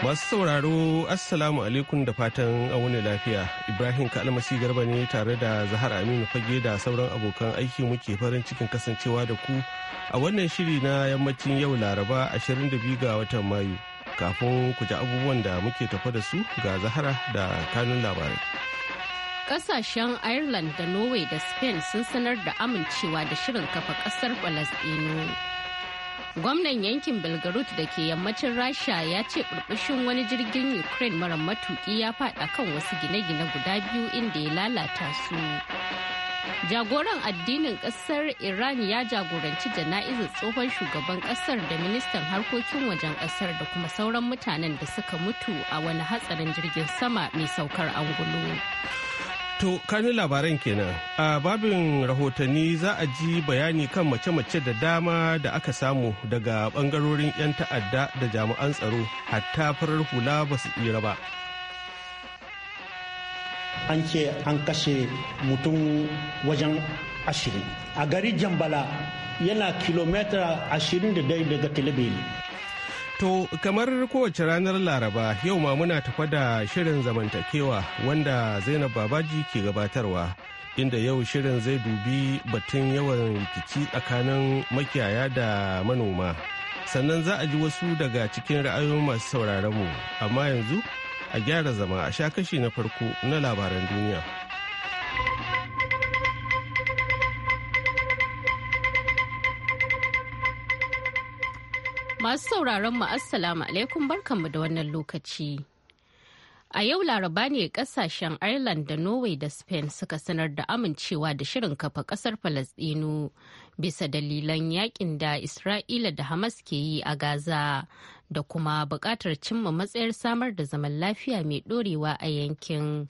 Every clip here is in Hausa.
Masu sauraro Assalamu alaikum da fatan wani lafiya. Ibrahim Kalmasi Garba ne tare da Zahar Aminu Fage da sauran abokan aiki muke farin cikin kasancewa da ku a wannan shiri na yammacin yau Laraba 22 ga watan Mayu. Kafin ku ji abubuwan da muke tafa da su ga Zahara da kanun labarai. Kasashen Ireland da Norway da Spain sun sanar da amincewa da shirin kafa ƙasar Falasɗinu. Gwamnan yankin Belgorod da ke yammacin Rasha ya ce burbushin wani jirgin Ukraine mara matuki ya fada kan wasu gine-gine guda biyu inda ya lalata su. Jagoran addinin ƙasar Iran ya jagoranci jana'izar tsohon shugaban ƙasar da ministan harkokin wajen ƙasar da kuma sauran mutanen da suka mutu a wani hatsarin jirgin sama mai saukar angulu. To, kanin labaran kenan. A babin rahotanni za a ji bayani kan mace-mace da dama da aka samu daga bangarorin 'yan ta'adda da jami'an tsaro hatta farar hula ba su tsira ba. An ce an kashe mutum wajen ashirin. A gari Jambala yana kilomita ashirin da daga Telebeli. To kamar kowace ranar Laraba yau ma muna tafa da shirin zamantakewa wanda Zainab Babaji ke gabatarwa inda yau shirin zai dubi batun yawan rikici tsakanin makiyaya da manoma. Sannan za a ji wasu daga cikin ra'ayoyin masu sauraronmu amma yanzu a gyara zama a sha kashi na farko na labaran duniya. Masu sauraron mu Assalamu alaikum barkanmu da wannan lokaci. A yau laraba ne kasashen Ireland da Norway da Spain suka sanar da amincewa da shirin kafa kasar Falasɗinu bisa dalilan yakin da Isra'ila da Hamas ke yi a Gaza da kuma buƙatar cimma matsayar samar da zaman lafiya mai ɗorewa a yankin.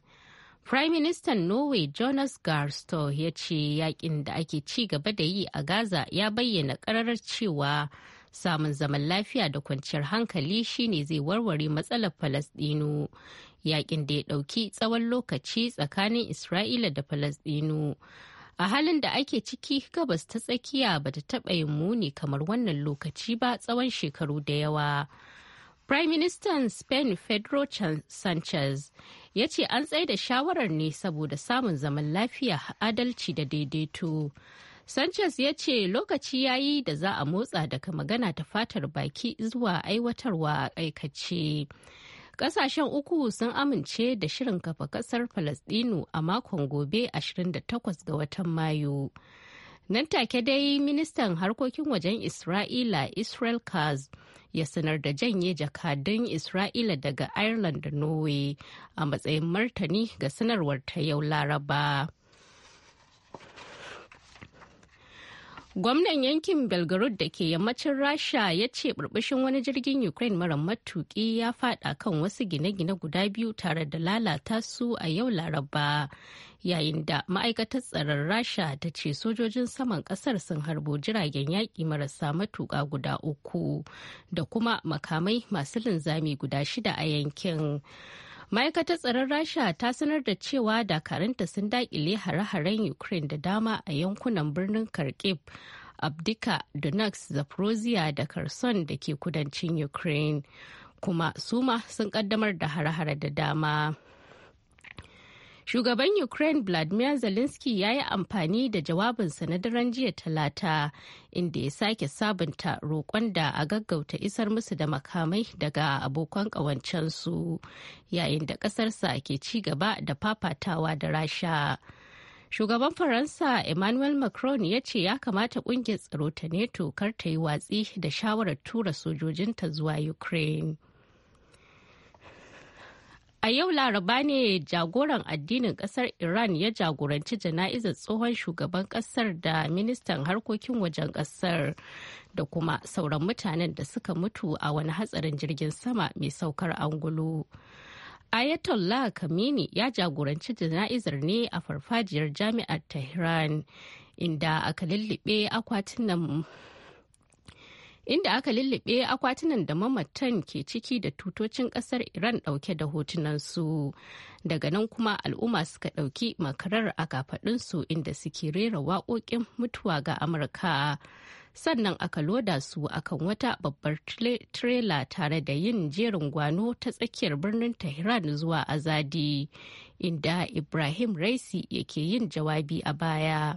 Prime Minister Norway Jonas Garsto ya ce yakin da ake ci gaba da yi a Gaza ya bayyana ƙararar cewa samun zaman lafiya da kwanciyar hankali shine zai warware matsalar falasdino yakin da ya ɗauki tsawon lokaci tsakanin isra'ila da falasdino a halin da ake ciki gabas ta tsakiya ba ta taɓa yin muni kamar wannan lokaci ba tsawon shekaru da yawa Prime Minister Spain Pedro Sanchez ya ce an tsaye da shawarar ne saboda samun zaman lafiya adalci da daidaito. Sanchez ya ce lokaci ya yi da za a motsa daga magana ta fatar baki zuwa aiwatarwa a aikace. Kasashen uku sun amince da shirin kafa kasar Falasdinu a makon gobe 28 ga watan Mayu. Nan take dai ministan harkokin wajen Isra'ila Israel Kaz ya sanar da janye jakadun Isra'ila daga Ireland da Norway a matsayin martani ga sanarwar ta yau Laraba. Gwamnan yankin Belgorod da ke yammacin Rasha ya ce burbushin wani jirgin Ukraine mara matuki ya fada kan wasu gine-gine guda biyu tare da lalata su a yau Laraba. Yayin da ma'aikatar tsaron Rasha ta ce sojojin saman kasar sun harbo jiragen yaƙi marasa matuƙa guda uku da kuma makamai masu linzami guda shida a yankin. ma'aikatar tsaron rasha ta sanar da cewa dakaranta sun daƙile hare-haren ukraine da dama a yankunan birnin kharkiv abdika donax zaporozhia da kherson da ke kudancin ukraine kuma suma sun kaddamar da hare-hare da dama Shugaban Ukraine Vladimir Zelensky ya yi amfani da jawabinsa na daren jiya talata inda ya sake sabunta roƙon da a gaggauta isar musu da makamai daga abokan ƙawancensu yayin da ƙasarsa ke ci gaba da fafatawa da rasha. shugaban faransa emmanuel macron ya ce ya kamata kungiyar tsaro ta neto kar ta yi watsi da shawarar tura sojojinta zuwa ukraine A yau Laraba ne jagoran addinin kasar Iran ya jagoranci jana'izar tsohon shugaban kasar da ministan harkokin wajen kasar da kuma sauran mutanen da suka mutu a wani hatsarin jirgin sama mai saukar angulu. Ayatollah Kamini ya jagoranci jana'izar ne a farfajiyar jami'ar Tehran inda aka lullube akwatin nan inda aka lullube akwatunan da mamatan ke ciki da tutocin kasar iran dauke da hotunansu daga nan kuma al'umma suka dauki makarar a kafadunsu inda suke rera waƙoƙin mutuwa ga amurka sannan aka loda su akan wata babbar tirela tare da yin jerin gwano ta tsakiyar birnin tehran zuwa azadi inda ibrahim raisi yake yin jawabi a baya.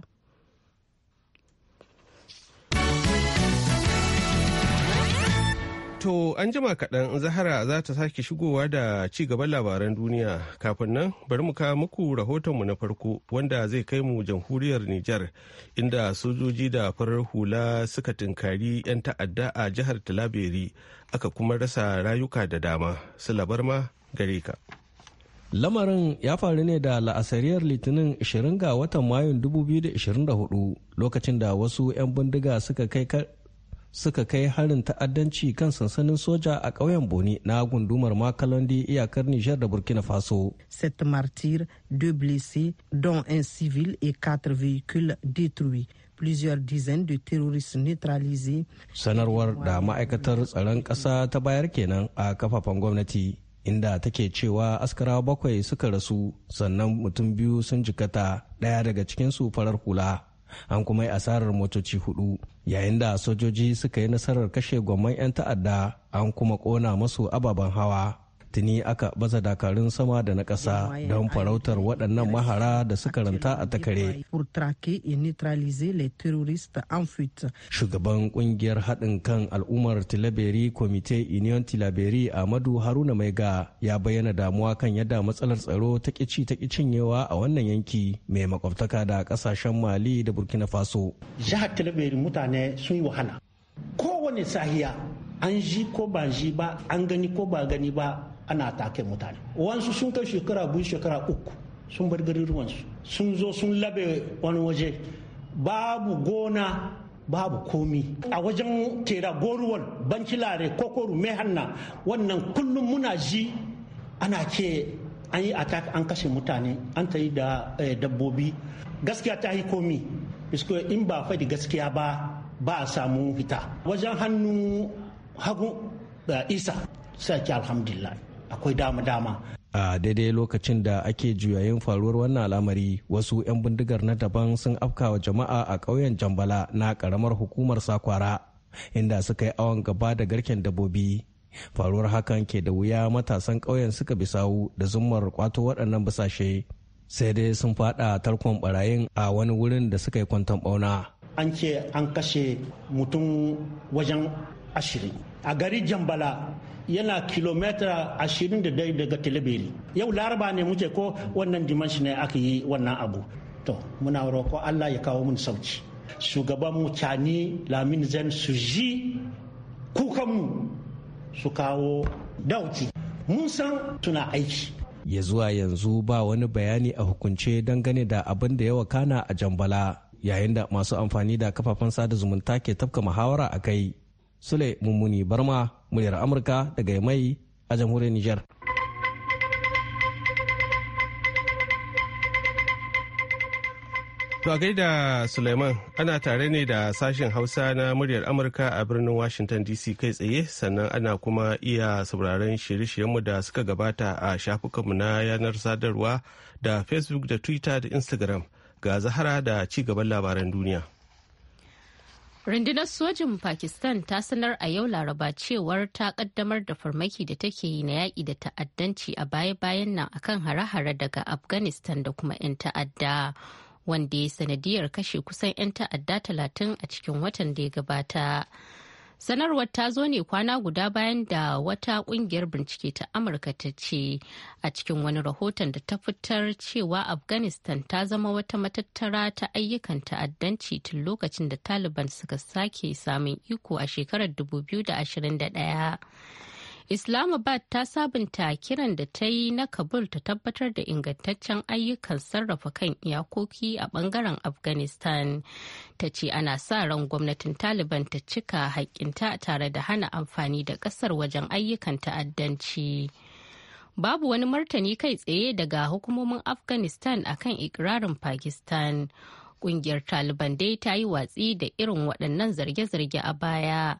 To an jima kaɗan Zahara za ta sake shigowa da ci gaban labaran duniya kafin nan bari mu ka muku rahotonmu na farko wanda zai kai mu jamhuriyar Nijar inda sojoji da farar hula suka tinkari 'yan ta'adda a jihar Talaberi aka kuma rasa rayuka da dama. Silabar ma gare ka. Lamarin ya faru ne da la'asariyar Litinin 20 ga watan Mayun 2024 lokacin da wasu 'yan bindiga suka kai suka kai harin ta'addanci kan sansanin soja a ƙauyen boni na gundumar makalandi iyakar nijar da burkina faso sept martyrs deux blessés dont un civil et quatre véhicules détruits plusieurs dizaines de terroristes neutralisés sanarwar da ma'aikatar tsaron ƙasa ta bayar kenan a kafafen gwamnati inda take cewa askarawa bakwai suka rasu sannan mutum biyu sun jikata ɗaya daga cikinsu farar hula an kuma yi asarar motoci hudu yayin da sojoji suka yi nasarar kashe gwamman 'yan ta'adda an kuma kona masu ababen hawa tuni aka baza dakarun sama da na ƙasa don farautar waɗannan mahara da suka ranta a takare. Shugaban ƙungiyar haɗin kan al'ummar Tilaberi Komite Union Tilaberi Ahmadu Haruna Maiga ya bayyana damuwa kan yadda matsalar tsaro ta ƙici ta cinyewa a wannan yanki mai makwabtaka da ƙasashen Mali da Burkina Faso. Jihar Tilaberi mutane sun yi wahala. Kowane sahiya an ji ko ba ji ba an gani ko ba gani ba ana take mutane wansu sun kai shekara biyu shekara uku sun bar garuruwansu sun zo sun labe wani waje babu gona babu komi a wajen tera banki Bankilare, kokoru mai hanna wannan kullum muna ji ana ce an yi attack an kashe mutane an ta yi da eh, dabbobi gaskiya ta yi komi bisko in ba faɗi gaskiya ba ba a samu fita wajen hannu hagu da eh, isa sai alhamdulillah akwai dama-dama a daidai lokacin da ake juyayin faruwar wannan al'amari wasu 'yan bindigar na daban sun afkawa jama'a a ƙauyen jambala na ƙaramar hukumar sakwara inda suka yi awon gaba da garken dabobi faruwar hakan ke da wuya matasan ƙauyen suka bisawu da zummar kwato waɗannan bisashe sai dai sun fada tarkon barayin a wani wurin da suka yi kwanton bauna an ce an kashe mutum wajen ashirin a gari jambala yana kilomita ashirin da daga telebiri yau laraba ne muke ko wannan dimanshi ne aka yi wannan abu to muna roƙo allah ya kawo mun sauci shugaban mu cani lamin zan su ji kukanmu su kawo dauki mun san suna aiki ya zuwa yanzu ba wani bayani a hukunce dangane da abin da yawa kana a jambala yayin da masu amfani da kafafen sada zumunta ke tafka muhawara a kai sule mummuni barma muryar amurka daga mai a jamhuriyar niger To a gaida Suleiman ana tare ne da sashen Hausa na muryar Amurka a birnin Washington DC kai tsaye sannan ana kuma iya sauraron shirye-shiryenmu da suka gabata a shafukanmu na yanar sadarwa da Facebook da Twitter da Instagram ga Zahara da ci gaban labaran duniya. Rundunar sojin Pakistan ta sanar a yau Laraba cewar ta kaddamar da farmaki da take yi na yaƙi da ta'addanci a baya-bayan nan akan hare-hare daga Afghanistan da kuma 'yan ta'adda. Wanda ya sanadiyar kashe kusan 'yan ta'adda talatin a cikin watan da ya gabata. sanarwar ta zo ne kwana guda bayan da wata kungiyar bincike ta amurka ta ce a cikin wani rahoton da ta fitar cewa afghanistan ta zama wata matattara ta ayyukan ta'addanci tun lokacin da taliban suka sake samun iko a shekarar 2021 Islamabad ta sabunta kiran da ta yi na Kabul ta tabbatar da ingantaccen ayyukan sarrafa kan iyakoki a bangaren Afghanistan. Ta ce ana sa ran gwamnatin Taliban ta cika haƙƙinta tare da hana amfani da ƙasar wajen ayyukan ta'addanci. babu wani martani kai tsaye daga hukumomin afghanistan akan ikirarin pakistan kungiyar taliban dai ta yi watsi da irin waɗannan zarge-zarge a baya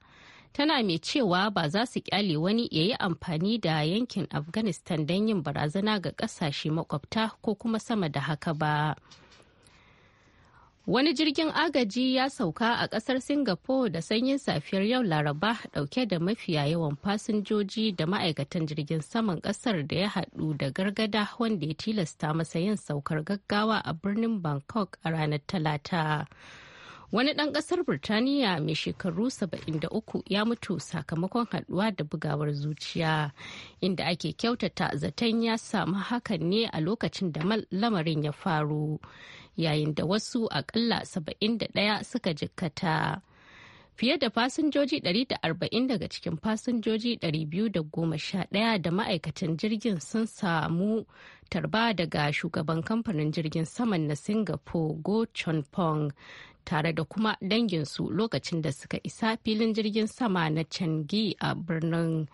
tana mai cewa ba za su kyale wani ya yi amfani da yankin afghanistan don yin barazana ga kasashe makwabta ko kuma sama da haka ba wani jirgin agaji ya sauka a kasar singapore da sanyin safiyar yau laraba dauke da mafiya yawan fasinjoji da ma'aikatan jirgin saman kasar da ya hadu da gargada wanda ya tilasta masa yin saukar gaggawa a birnin bangkok a ranar talata wani ɗan ƙasar burtaniya mai shekaru 73 ya mutu sakamakon haɗuwa da bugawar zuciya inda ake kyautata zaton ya samu hakan ne a lokacin da lamarin ya faru yayin da wasu aƙalla 71 suka jikkata. fiye da fasinjoji 140 daga cikin fasinjoji 211 da ma'aikatan jirgin sun samu tarba daga shugaban kamfanin jirgin saman na singapore go chon tare da kuma danginsu lokacin da suka isa filin jirgin sama na Changi a birnin.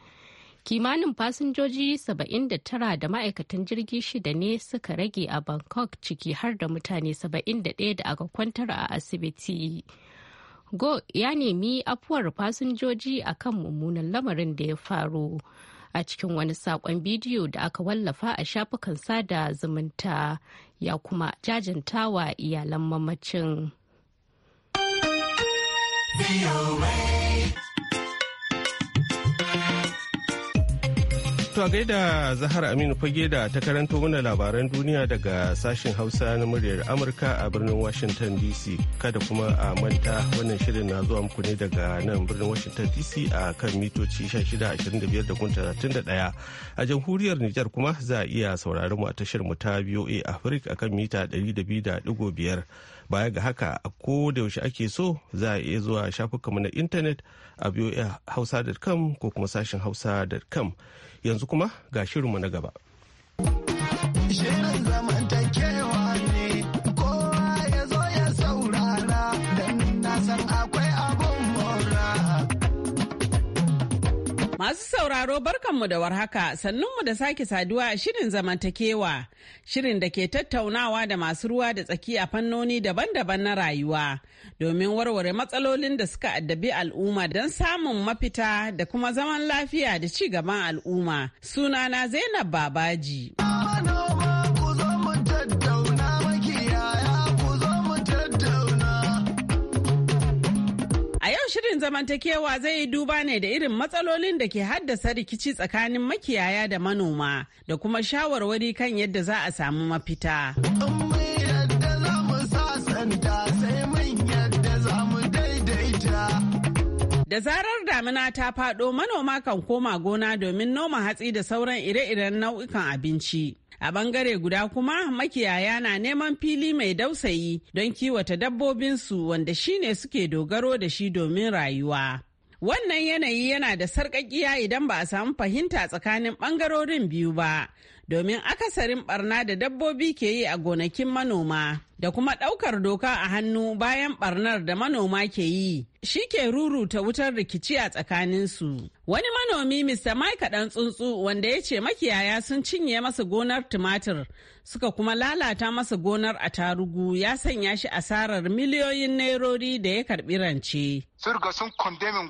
Kimanin fasinjoji 79 da ma'aikatan jirgi shida ne suka rage a Bangkok ciki har da mutane 71 da aka kwantar a asibiti. Go ya nemi afuwar fasinjoji a kan mummunan lamarin da ya faru a cikin wani saƙon bidiyo da aka wallafa a shafukan sada zumunta ya kuma jajantawa iyalan mamacin. To gaida Zahar Aminu fage da ta karanta mana labaran duniya daga sashen Hausa na muryar Amurka a birnin Washington DC. Kada kuma a manta wannan shirin na zuwa muku ne daga nan birnin Washington DC a kan mitoci 1625 A jamhuriyar Nijar kuma za a iya sauraron mu a tashar mu ta a Africa a kan mita 200.5. baya ga haka a ko da yaushe ake so za a iya zuwa shafukanmu na intanet a voahausa.com ko kuma sashin hausa.com yanzu kuma ga shirinmu na gaba. Masu sauraro barkanmu da warhaka sannunmu da sake saduwa a shirin zamantakewa shirin da ke tattaunawa da masu ruwa da tsaki a fannoni daban-daban na rayuwa domin warware matsalolin da suka addabi al'umma don samun mafita da kuma zaman lafiya da ci gaban al'umma sunana Zainab Babaji. Oh, shirin zamantakewa zai yi duba ne da irin matsalolin da ke haddasa rikici tsakanin makiyaya da manoma da kuma shawarwari kan yadda za a samu mafita. Da zarar damina ta faɗo manoma kan koma gona domin noma hatsi da sauran ire-iren nau'ikan abinci. A bangare guda kuma makiyaya na neman fili mai dausayi don kiwata dabbobinsu wanda shi ne suke dogaro da shi domin rayuwa. Wannan yanayi yana da sarƙaƙiya idan ba a samu fahimta tsakanin bangarorin biyu ba. domin akasarin barna da dabbobi ke yi a gonakin manoma da kuma ɗaukar doka a hannu bayan barnar da manoma ke yi shi ke ruruta wutar rikici a tsakaninsu. Wani manomi Mr. Mike dan tsuntsu wanda ya ce makiyaya sun cinye masa gonar tumatir suka kuma lalata masa gonar a tarugu ya sanya shi asarar miliyoyin nairori da ya karbi rance. Sun riga sun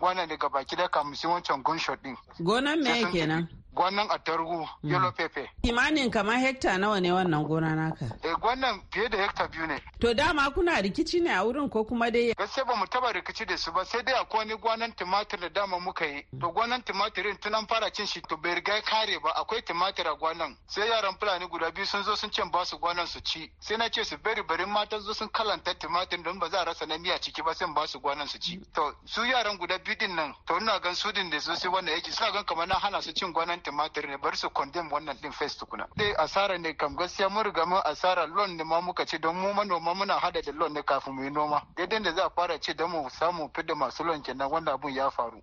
gwana daga baki da kamusi wancan gunshot din. Gonar me kenan? gwanan attarugu mm. yellow pepper Imanin kamar hekta nawa ne wannan gona naka eh gwanan fiye da hekta biyu ne to dama kuna rikici ne a wurin ko kuma dai gaskiya ba mu taba rikici da su ba sai dai akwai wani gwanan tumatir da dama muka yi to gwanan tumatirin tun an fara cin shi to bai riga kare ba akwai tumatir a gwanan sai yaran fulani guda biyu sun zo sun ce ba su gwanan su ci sai na ce su bari bari mata zo sun kalanta tumatir don ba za a rasa na miya ciki ba sai ba su gwanan su ci to su yaran guda biyu din nan to ina gan su din da su sai wannan yake suna gan kamar na hana su cin gwanan kamata ne bar su condemn wannan din face tukuna dai asara ne kam gaskiya mun riga mun asara loan ne ma muka ci don mu manoma muna hada da loan ne kafin mu yi noma daidai da za a fara ce don mu samu fidda masu loan kenan wanda abun ya faru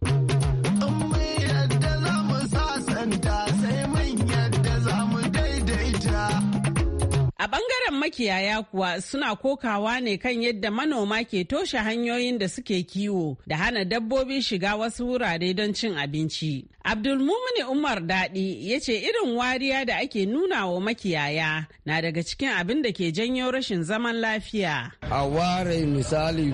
A bangaren makiyaya kuwa suna kokawa ne kan yadda manoma ke toshe hanyoyin da suke kiwo da hana dabbobi shiga wasu wurare don cin abinci. Abdulmumini Umar Daɗi ya ce irin wariya da ake nuna wa makiyaya na daga cikin abin da ke janyo rashin zaman lafiya. A ware misali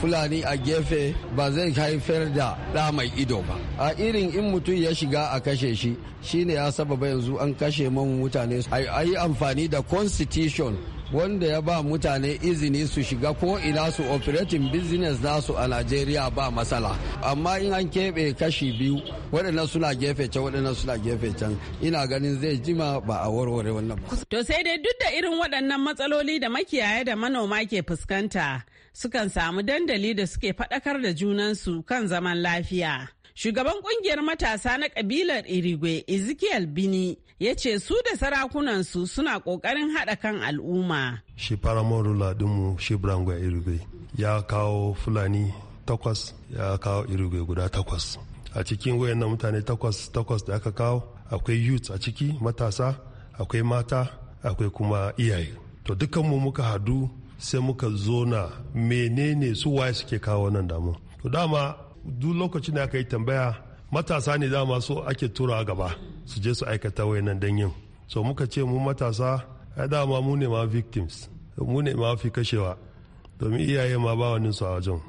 Fulani a gefe ba zai haifar da ɗa mai ido ba. A irin in mutum ya shiga a kashe shi shine ya sababa yanzu an kashe mun mutane. A yi amfani da constitution competition wanda ya ba mutane izini su shiga ko ina su operating business nasu a Najeriya ba matsala. Amma in an keɓe kashi biyu waɗannan suna gefe can waɗannan suna gefe can ina ganin zai jima ba a warware wannan To sai dai duk da irin waɗannan matsaloli da makiyaya da manoma ke fuskanta sukan samu dandali da suke faɗakar da junansu kan zaman lafiya. Shugaban kungiyar matasa na kabilar Irigwe Ezekiel Bini ya ce su da sarakunansu suna kokarin haɗa kan al'umma. Shi faramoro ladinmu shi Brangwa Irigwe ya kawo Fulani takwas ya kawo Irigwe guda takwas. A cikin wayannan mutane takwas takwas da aka kawo akwai youth a ciki matasa akwai mata akwai kuma iyaye. To dukkanmu muka hadu sai muka zo menene su waye suke kawo nan damu. To dama duk lokacin da aka yi tambaya matasa ne dama so ake tura gaba su je su aikata wayannan dan yin so muka ce mu matasa ya dama mu ne ma victims mu ne ma fi kashewa domin iyaye ma ba wani su a wajen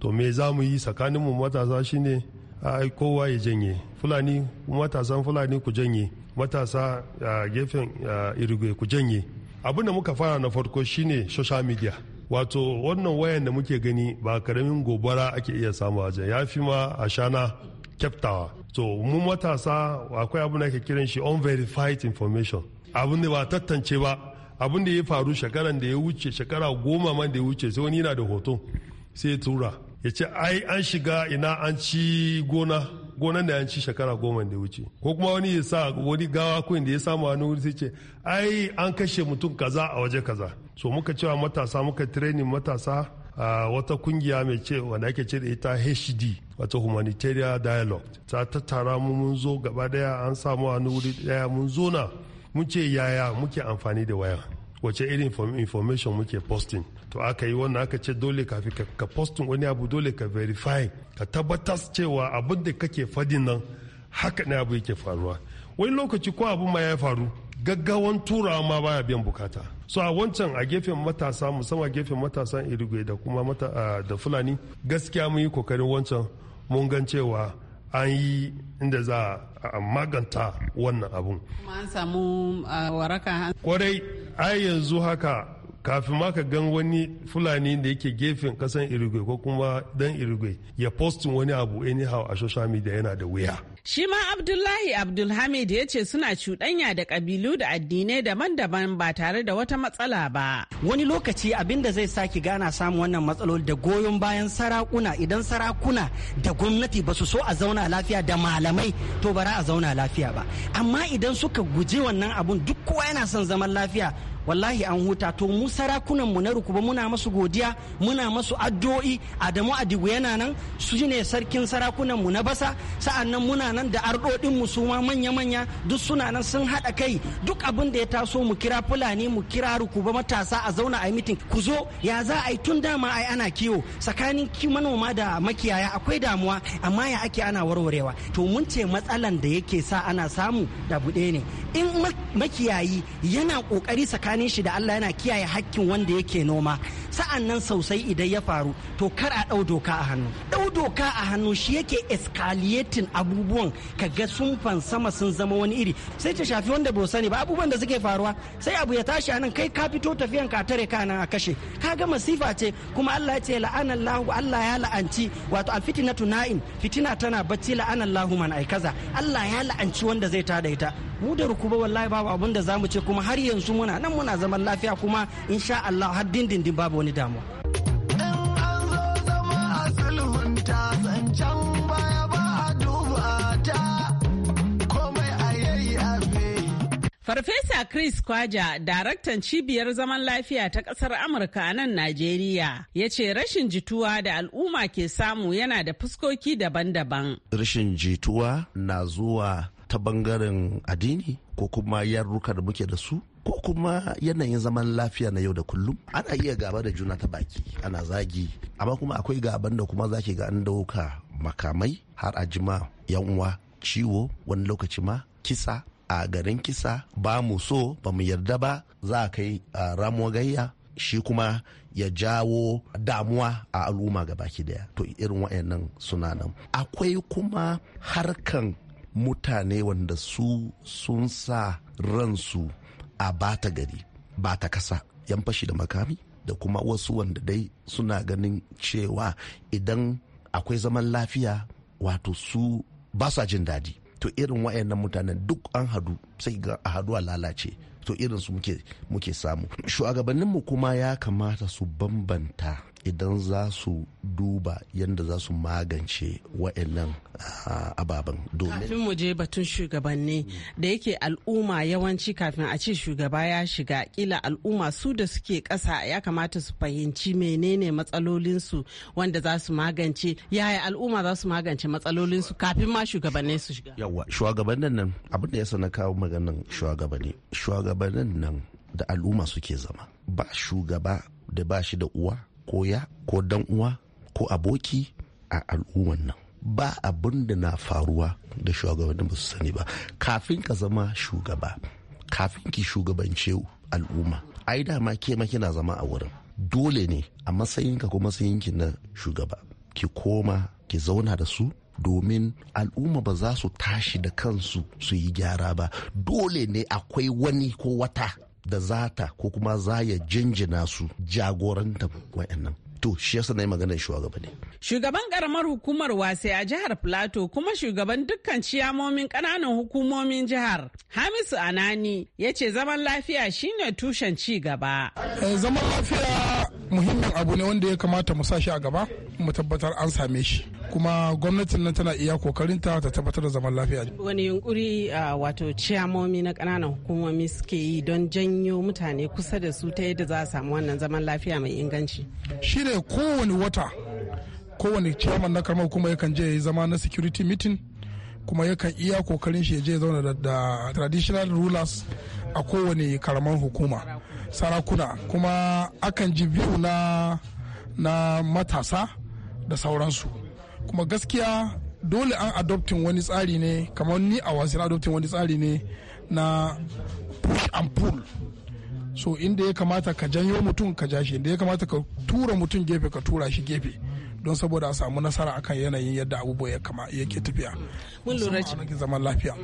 to me za mu yi tsakanin mu matasa shine a kowa ya janye fulani matasan fulani ku janye matasa a gefen irigwe ku janye abin da muka fara na farko shine social media wato wannan wayan da muke gani ba karamin gobara ake iya samu a ya fi ma a shana kyaftawa to mu matasa akwai abin da ake kiran shi unverified information abin da ba tattance ba abin da ya faru shekaran da ya wuce shekara goma man da ya wuce sai wani yana da hoto sai ya tura ya ce ai an shiga ina an ci gona gonan da an ci shekara goma da ya wuce ko kuma wani ya sa wani gawa kuyin da ya samu wani wuri sai ce ai an kashe mutum kaza a waje kaza so muka cewa matasa muka training matasa a wata kungiya mai ce wanda ake ce da ita hd wata humanitarian dialogue ta tattara mu mun zo gaba daya an samu a wuri daya mun zo na mun ce yaya muke amfani da waya wace irin information muke posting to aka yi wannan aka ce dole kafi ka posting wani abu dole ka verify ka tabbatar cewa abin da kake fadin nan haka ne abu yake faruwa wani lokaci ko abu ma ya faru gaggawan turawa ma baya biyan bukata so a wancan a gefen matasa musamman gefen matasan irigwe da kuma mata da fulani gaskiya mun yi kokarin wancan mun gan cewa an yi inda za a maganta wannan abun an samu waraka kwarai ai yanzu haka kafin ma ka gan wani fulani da yake gefen kasan irigwe ko kuma dan irigwe ya postin wani abu anyhow a social media yana da wuya Shi ma Abdullahi Abdulhamid ya ce suna cuɗanya da ƙabilu da addinai daban-daban ba tare da wata matsala ba. Wani lokaci abin da zai saki gana samun wannan matsaloli da goyon bayan sarakuna idan sarakuna da gwamnati ba su so a zauna lafiya da malamai to bara a zauna lafiya ba. Amma idan suka guji wannan abun duk kowa yana son zaman lafiya wallahi an huta to mu sarakunan mu na rukuba muna masu godiya muna masu addu'o'i Adamu Adigu yana nan su ne sarkin sarakunan mu na basa sa'annan muna nan da arɗoɗin mu su ma manya manya duk suna nan sun haɗa kai duk abin da ya taso mu kira Fulani mu kira rukuba matasa a zauna a yi mitin ku zo ya za a yi tun dama ai ana kiwo tsakanin manoma da makiyaya akwai damuwa amma ya ake ana warwarewa to mun ce matsalan da yake sa ana samu da buɗe ne in makiyayi yana kokari tsakanin shi da Allah yana kiyaye hakkin wanda yake noma sa'an nan sosai idan ya faru to kar a dau doka a hannu dau doka a hannu shi yake escalating abubuwan kaga sun sama sun zama wani iri sai ta shafi wanda bai sani ba abubuwan da suke faruwa sai abu ya tashi anan kai ka fito tafiyan ka tare ka nan a kashe ka ga masifa ce kuma Allah ya ce la'anallahu Allah ya la'anci wato alfitinatu na'in fitina tana bacci la'anallahu man aikaza Allah ya la'anci wanda zai tada ita mu da kuma wallahi babu abun da zamu ce kuma har yanzu muna nan muna zaman lafiya kuma insha Allah har dindindin babu wani damuwa Farfesa Chris Kwaja, daraktan cibiyar zaman lafiya ta ƙasar Amurka a nan Najeriya, ya ce rashin jituwa da al'umma ke samu yana da fuskoki daban-daban. Rashin jituwa na zuwa ta bangaren addini ko kuma yarruka da muke da su ko kuma yanayin zaman lafiya na yau da kullum ana iya gaba da juna ta baki ana zagi amma kuma akwai gaban da kuma zaki ga an dauka makamai har a jima yan uwa ciwo wani lokaci ma kisa a garin kisa ba mu so ba mu yarda ba za a kai ramuwa gayya shi kuma ya jawo damuwa a al'umma ga baki daya to irin wayannan suna nan akwai kuma harkan mutane wanda su sun sa ransu a bata gari ba ta kasa yan fashi da makami da kuma wasu wanda dai suna ganin cewa idan akwai zaman lafiya wato su ba sa jin daɗi to irin wayannan mutane duk an hadu sai ga a hadu a lalace to irin su muke samu shugabanninmu kuma ya kamata su bambanta idan za su duba yadda za su magance wa'annan ah, ababen domin kafin mu je batun shugabanni da yake al'umma yawanci kafin a ce shugaba ya shiga kila al'umma su da suke ƙasa ya kamata su fahimci menene matsalolinsu wanda za su magance yaya al'umma za su magance matsalolinsu kafin ma shugabanni su shiga yawa shugabannin nan abin da ya sana kawo maganin shugabanni shugabannin nan da al'umma suke zama ba shugaba da ba shi da uwa koya ko dan uwa ko aboki a al'umman nan ba abin da na faruwa da shugabannin ba su sani ba kafin ka zama shugaba kafin ki shugabance al'umma ai dama ke ma kina zama a wurin dole ne a matsayinka ko ki na shugaba ki koma ki zauna da su domin al'umma ba za su tashi da kansu su yi gyara ba dole ne akwai wani ko wata da zata ko kuma za ya jinjina su jagoranta wayannan to shi yasa na yi maganar shugabanni. Shugaban karamar hukumar wase a jihar plato kuma shugaban dukkan ciyamomin kananan hukumomin jihar Hamisu Anani ya ce zaman lafiya shine tushen ci gaba. Eh, zaman lafiya muhimmin abu ne wanda ya kamata mu sa shi a gaba mu tabbatar an same shi kuma gwamnatin nan tana iya kokarinta ta tabbatar da zaman lafiya wani yunkuri wato ciyamomi na kananan hukumomi suke yi don janyo mutane kusa da su ta yadda za a samu wannan zaman lafiya mai inganci Shi shine kowane wata kowane ciyaman na karamar kuma yakan je ya zama na security meeting kuma yakan iya kokarin shi je zauna da traditional rulers a kowane karamar hukuma sarakuna kuma akan ji biyu na na matasa da sauransu kuma gaskiya dole an adoptin wani tsari ne kamar ni a wasu adoptin wani tsari ne na push and pull so inda ya kamata ka janyo mutum ka ja shi inda ya kamata ka tura mutum gefe ka tura shi gefe don saboda a samu nasara akan yanayin yadda abubuwa ya kama yake tafiya. Mun lura zaman lafiya.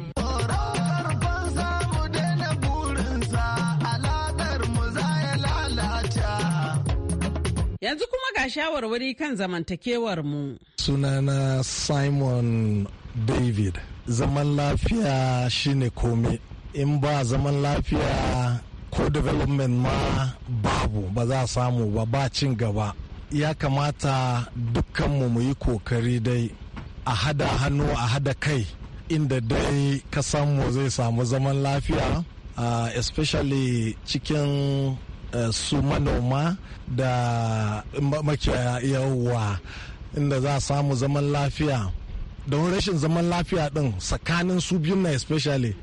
Yanzu kuma ga shawarwari kan zamantakewar mu. Sunana Simon David. Zaman lafiya shine kome. In ba zaman lafiya ko development ma babu ba za a samu ba ba cin gaba. ya kamata dukkanmu mu yi kokari dai a hada hannu a hada kai inda dai kasanmu zai samu zaman lafiya uh, especially cikin uh, su manoma da makiyaya yawwa inda za a samu zaman lafiya don rashin zaman lafiya din tsakanin su biyun na especially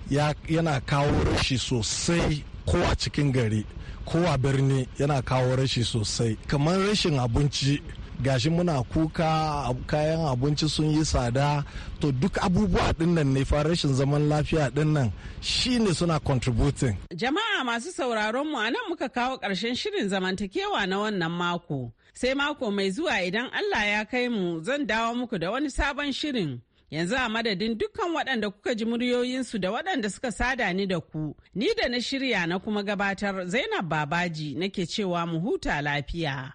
yana kawo rashi sosai ko a cikin gari kowa birni yana kawo rashi sosai kamar rashin abinci gashi muna kuka kayan abinci sun yi tsada to duk abubuwa dinnan ne fa rashin zaman lafiya dinnan shine suna contributing jama'a masu sauraron mu anan muka kawo ƙarshen shirin zamantakewa na wannan mako sai mako mai zuwa idan allah ya kai mu zan dawo muku da wani sabon shirin Yanzu a madadin dukkan waɗanda kuka ji muryoyinsu da waɗanda suka sada ni da ku, ni da na shirya na kuma gabatar Zainab Babaji nake cewa mu huta lafiya.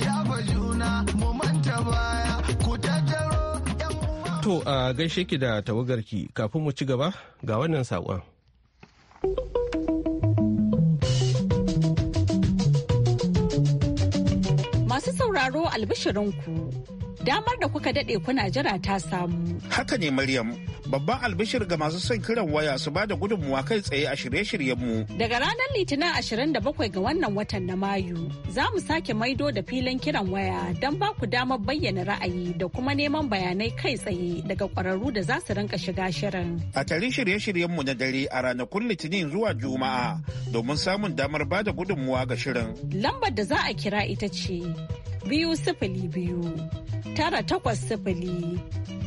yaba juna, mu manta baya, To a gaishe ki da tawagarki kafin mu ci gaba ga wannan saƙon. Masu sauraro albishirinku. damar da kuka daɗe kuna jira ta samu. Haka ne Maryam, babban albishir ga masu son kiran waya su ba da gudunmuwa kai tsaye a shirye-shiryenmu. Daga ranar Litinin ashirin da bakwai ga wannan watan na Mayu, za mu sake maido da filin kiran waya don ba ku damar bayyana ra'ayi da kuma neman bayanai kai tsaye daga ƙwararru da za su rinka shiga shirin. A tare shirye-shiryenmu na dare a ranakun Litinin zuwa Juma'a domin samun damar ba da gudunmuwa ga shirin. Lambar da za a kira ita ce biyu sifili biyu tara takwas sifili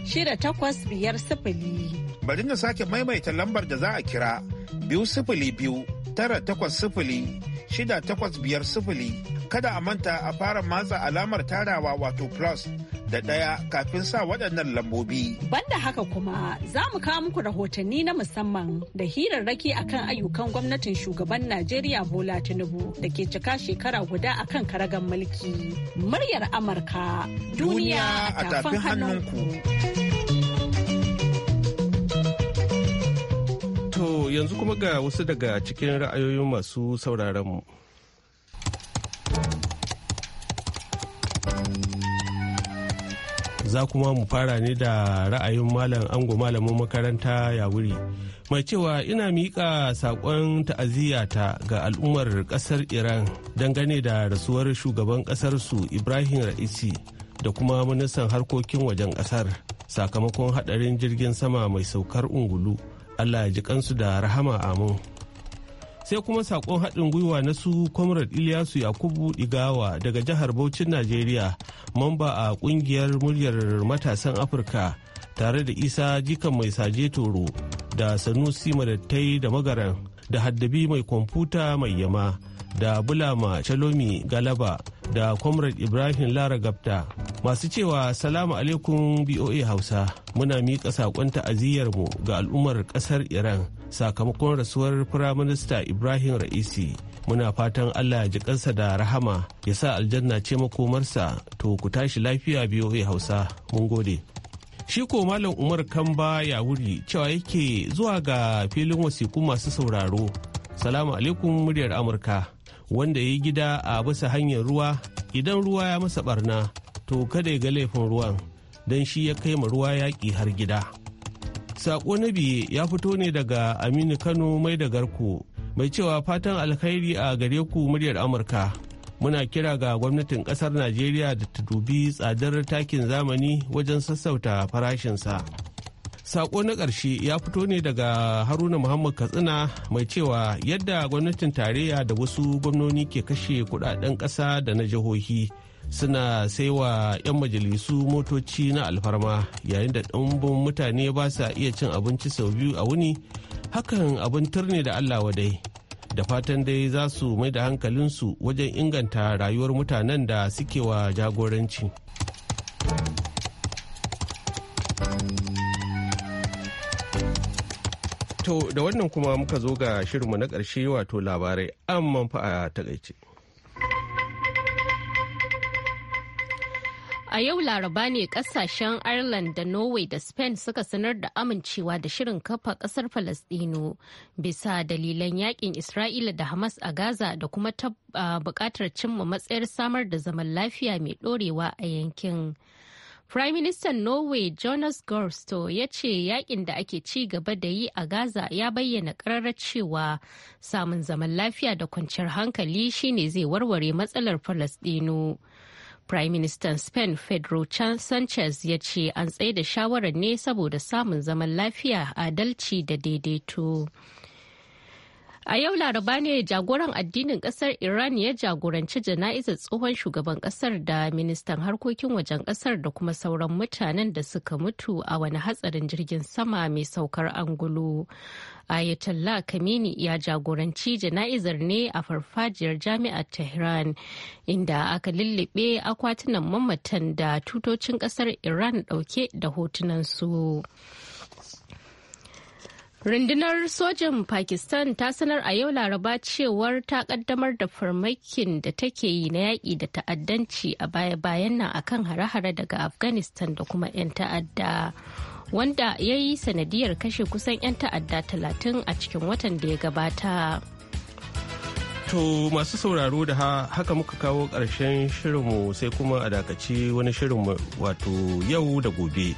shida takwas biyar sifili. Bari na sake maimaita lambar da za a kira biyu sifili biyu tara takwas sifili shida takwas biyar sifili kada a manta a fara matsa alamar tarawa wato plus da ɗaya kafin sa waɗannan lambobi. Banda haka kuma za mu kawo muku rahotanni na musamman da hirarraki akan ayyukan gwamnatin shugaban Najeriya Bola Tinubu da ke cika shekara guda akan karagan mulki. Muryar Amurka duniya a tafin hannunku. To yanzu kuma ga wasu daga cikin ra'ayoyin masu sauraronmu. mu. za kuma mu fara ne da ra'ayin malam ango malamin makaranta ya wuri mai cewa ina miƙa saƙon ta'aziyyata ga al'ummar ƙasar iran dangane da rasuwar shugaban ƙasarsu ibrahim ra'isi da kuma ministan harkokin wajen ƙasar sakamakon haɗarin jirgin sama mai saukar ungulu allah ya ji kansu da rahama amin sai kuma sakon haɗin gwiwa na su kwamrad iliyasu yakubu digawa daga jihar Bauchin najeriya mamba a ƙungiyar muryar matasan afirka tare da isa jikan mai saje toro da sanusi madattai da magaran da haddabi mai kwamfuta mai yama da bulama chalomi galaba da comrade ibrahim lara masu cewa salamu alaikum boa hausa muna miƙa saƙon mu ga al'ummar ƙasar iran sakamakon rasuwar firaminista ibrahim ra'isi muna fatan allah ya ji kansa da rahama ya sa aljanna ce makomarsa to ku tashi lafiya biyu ya hausa mun gode shi ko malam umar kamba ya wuri cewa yake zuwa ga filin wasiku masu sauraro salamu alaikum muryar amurka wanda ya yi gida a bisa hanyar ruwa idan ruwa ya masa barna to kada ya ga laifin ruwan don shi ya kai ma ruwa yaƙi har gida. Sako na biye ya fito ne daga Aminu Kano mai da garko mai cewa fatan alkhairi a gare ku muryar Amurka. Muna kira ga gwamnatin kasar Najeriya da ta dubi tsadar takin zamani wajen sassauta farashinsa. Sako na ƙarshe ya fito ne daga Haruna Muhammad Katsina mai cewa yadda gwamnatin tarayya da wasu gwamnoni ke kashe kudaden ƙasa da na jihohi suna saiwa 'yan majalisu motoci na alfarma yayin da ɗumbin mutane ba sa iya cin abinci sau biyu a wuni hakan abin turne da allah wadai da fatan dai za su mai da hankalinsu wajen inganta rayuwar mutanen da suke wa jagoranci to da wannan kuma muka zo ga shirinmu na ƙarshe wato labarai amma fa a takaice. A yau laraba ne kasashen Ireland da Norway da Spain suka sanar da amincewa da shirin kafa kasar Falastino bisa dalilan yakin Isra'ila da Hamas a Gaza da kuma bukatar cimma matsayar samar da zaman lafiya mai dorewa a yankin. Prime Minister Norway Jonas Gorsto ya ce yakin da ake ci gaba da yi a Gaza ya bayyana ƙararrar cewa samun zaman lafiya da kwanciyar hankali shine zai warware matsalar Falasɗinu. Prime Minister Spain Pedro Sanchez ya ce an tsaye da shawarar ne saboda samun zaman lafiya adalci da daidaito. A yau laraba ne jagoran addinin kasar Iran ya jagoranci jana'izar tsohon shugaban kasar da ministan harkokin wajen kasar da kuma sauran mutanen da suka mutu a wani hatsarin jirgin sama mai saukar angulu. Ayatollah Kamini ya jagoranci jana'izar ne a farfajiyar jami'ar Tehran inda aka lullube akwatunan mamatan da tutocin kasar Iran dauke da hotunansu. su. Rundunar sojan Pakistan ta sanar a yau Laraba cewar ta kaddamar da farmakin da take yi na yaƙi da ta'addanci a baya-bayan nan akan hare-hare daga Afghanistan da kuma 'yan ta'adda. Wanda ya yi sanadiyar kashe kusan 'yan ta'adda talatin a cikin watan da ya gabata. To masu sauraro da haka muka kawo ƙarshen shirinmu sai kuma a dakaci wani shirinmu wato yau da gobe.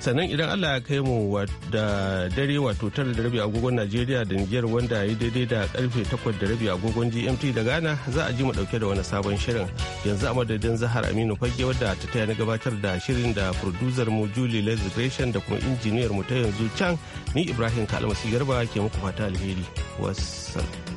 sannan idan allah ya kai mu da dare wato tara da rabi agogon najeriya da niger wanda ya daidai da karfe takwas da rabi agogon gmt da ghana za a ji mu dauke da wani sabon shirin yanzu a madadin zahar aminu fage wadda ta taya na gabatar da shirin da producer mu julie lesgration da kuma injiniyar mu ta yanzu can ni ibrahim kalmasi garba ke muku fata alheri wassalam